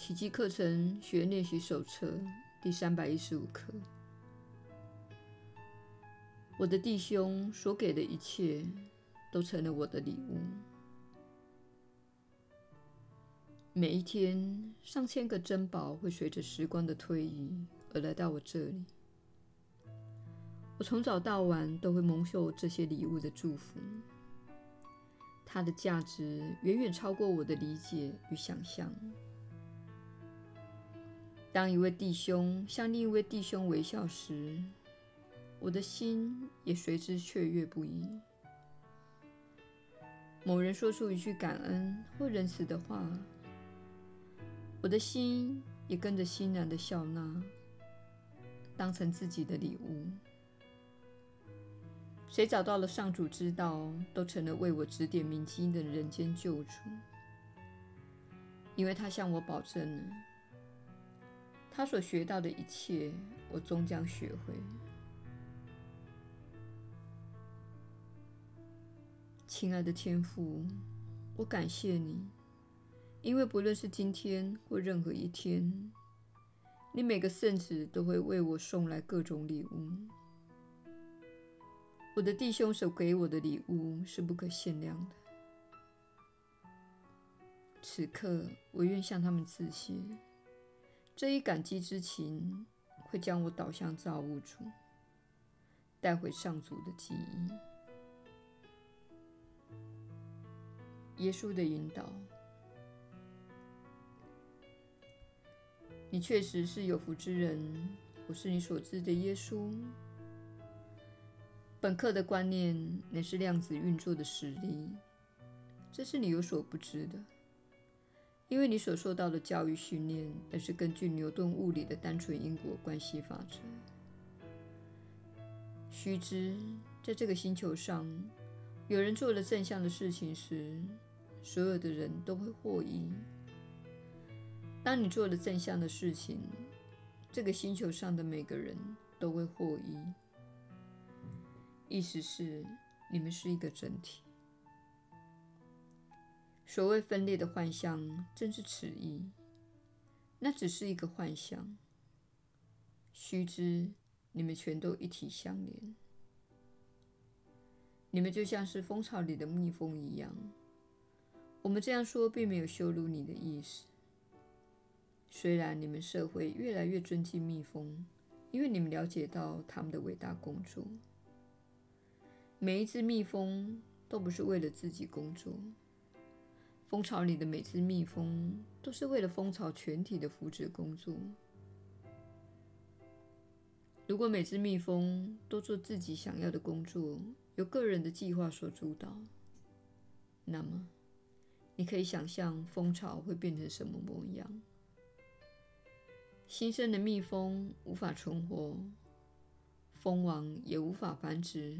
奇蹟課程學員練習手冊第三百一十五課。我的弟兄所給的一切，都成了我的禮物。每一天，上千個珍寶會隨着時光的推移而來到我這裡。我從早到晚都會蒙受這些禮物的祝福。它的價值遠遠超過我的理解與想象。當一位弟兄向另一位弟兄微笑時，我的心也隨之雀躍不已。某人說出一句感恩或仁慈的話，我的心也跟着欣然的笑納，當成自己的禮物。誰找到了上主之道，都成了為我指點迷津的人間救主，因為他向我保證了。他所學到的一切，我終將學會。親愛的天父，我感謝你，因為不論是今天或任何一天，你每個聖子都會為我送來各種禮物。我的弟兄所給我的禮物是不可限量的。此刻，我願向他們致謝。這一感激之情會將我導向造物主，帶回上主的記憶。耶穌的引導，你確實是有福之人。我是你所知的耶穌。本課的觀念乃是量子運作的實例，這是你有所不知的。因為你所受到的教育訓練，而是根據牛頓物理的單純因果關係法則。須知，在這個星球上，有人做了正向的事情時，所有的人都會獲益。當你做了正向的事情，這個星球上的每個人都會獲益。意思是，你們是一個整體。所謂分裂的幻象，正是此意。那只是一個幻象。須知，你們全都一體相連。你們就像是蜂巢裡的蜜蜂一樣。我們這樣說，並沒有羞辱你的意思。雖然你們社會越來越尊敬蜜蜂，因為你們了解到他們的偉大工作。每一隻蜜蜂都不是為了自己工作。蜂巢裡的每隻蜜蜂都是為了蜂巢全體的福祉工作。如果每隻蜜蜂都做自己想要的工作，由個人的計劃所主導，那麼你可以想象蜂巢會變成什麼模樣？新生的蜜蜂無法存活，蜂王也無法繁殖，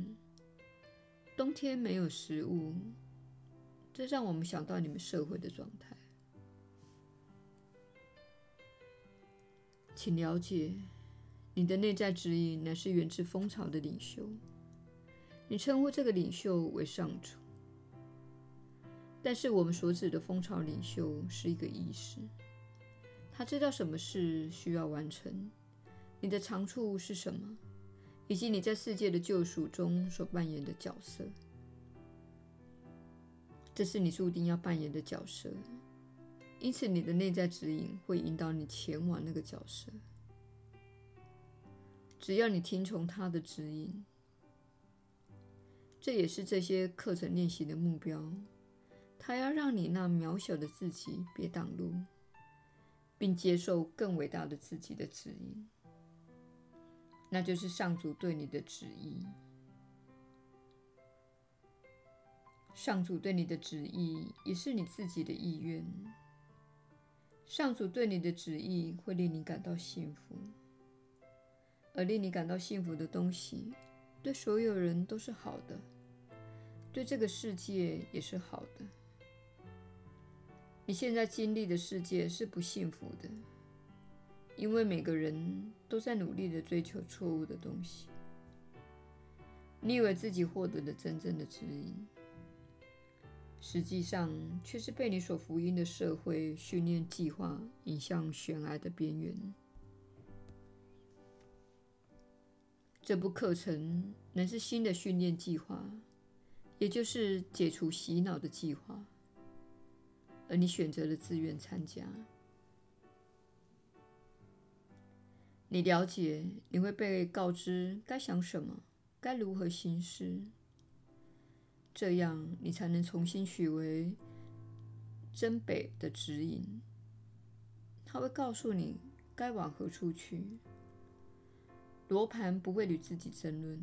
冬天沒有食物。這讓我們想到你們社會的狀態。請了解，你的內在指引乃是源自蜂巢的領袖。你稱呼這個領袖為上主，但是我們所指的蜂巢領袖是一個意識，他知道什麼事需要完成，你的長處是什麼，以及你在世界的救贖中所扮演的角色。這是你注定要扮演的角色，因此你的內在指引會引導你前往那個角色。只要你聽從他的指引，這也是這些課程練習的目標。他要讓你那渺小的自己別擋路，並接受更偉大的自己的指引，那就是上主對你的旨意。上主對你的旨意也是你自己的意願。上主對你的旨意會令你感到幸福，而令你感到幸福的東西，對所有人都是好的，對這個世界也是好的。你現在經歷的世界是不幸福的，因為每個人都在努力地追求錯誤的東西。你以為自己獲得了真正的指引。實際上，卻是被你所服膺的社會訓練計劃引向懸崖的邊緣。這部課程乃是新的訓練計劃，也就是解除洗腦的計劃，而你選擇了自願參加。你了解，你會被告知該想什麼，該如何行事。這樣，你才能重新取為真北的指引。它會告訴你該往何處去。羅盤不會與自己爭論，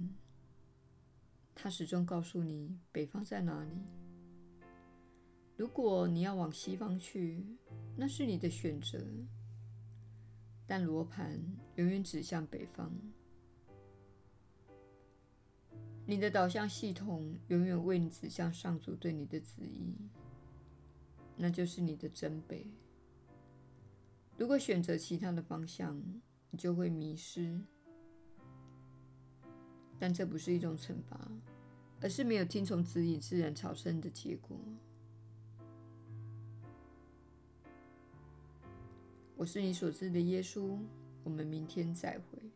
它始終告訴你北方在哪裡。如果你要往西方去，那是你的選擇，但羅盤永遠指向北方。你的導向系統永遠為你指向上主對你的旨意，那就是你的真北。如果選擇其他的方向，你就會迷失。但這不是一種懲罰，而是沒有聽從指引自然產生的結果。我是你所知的耶穌，我們明天再會。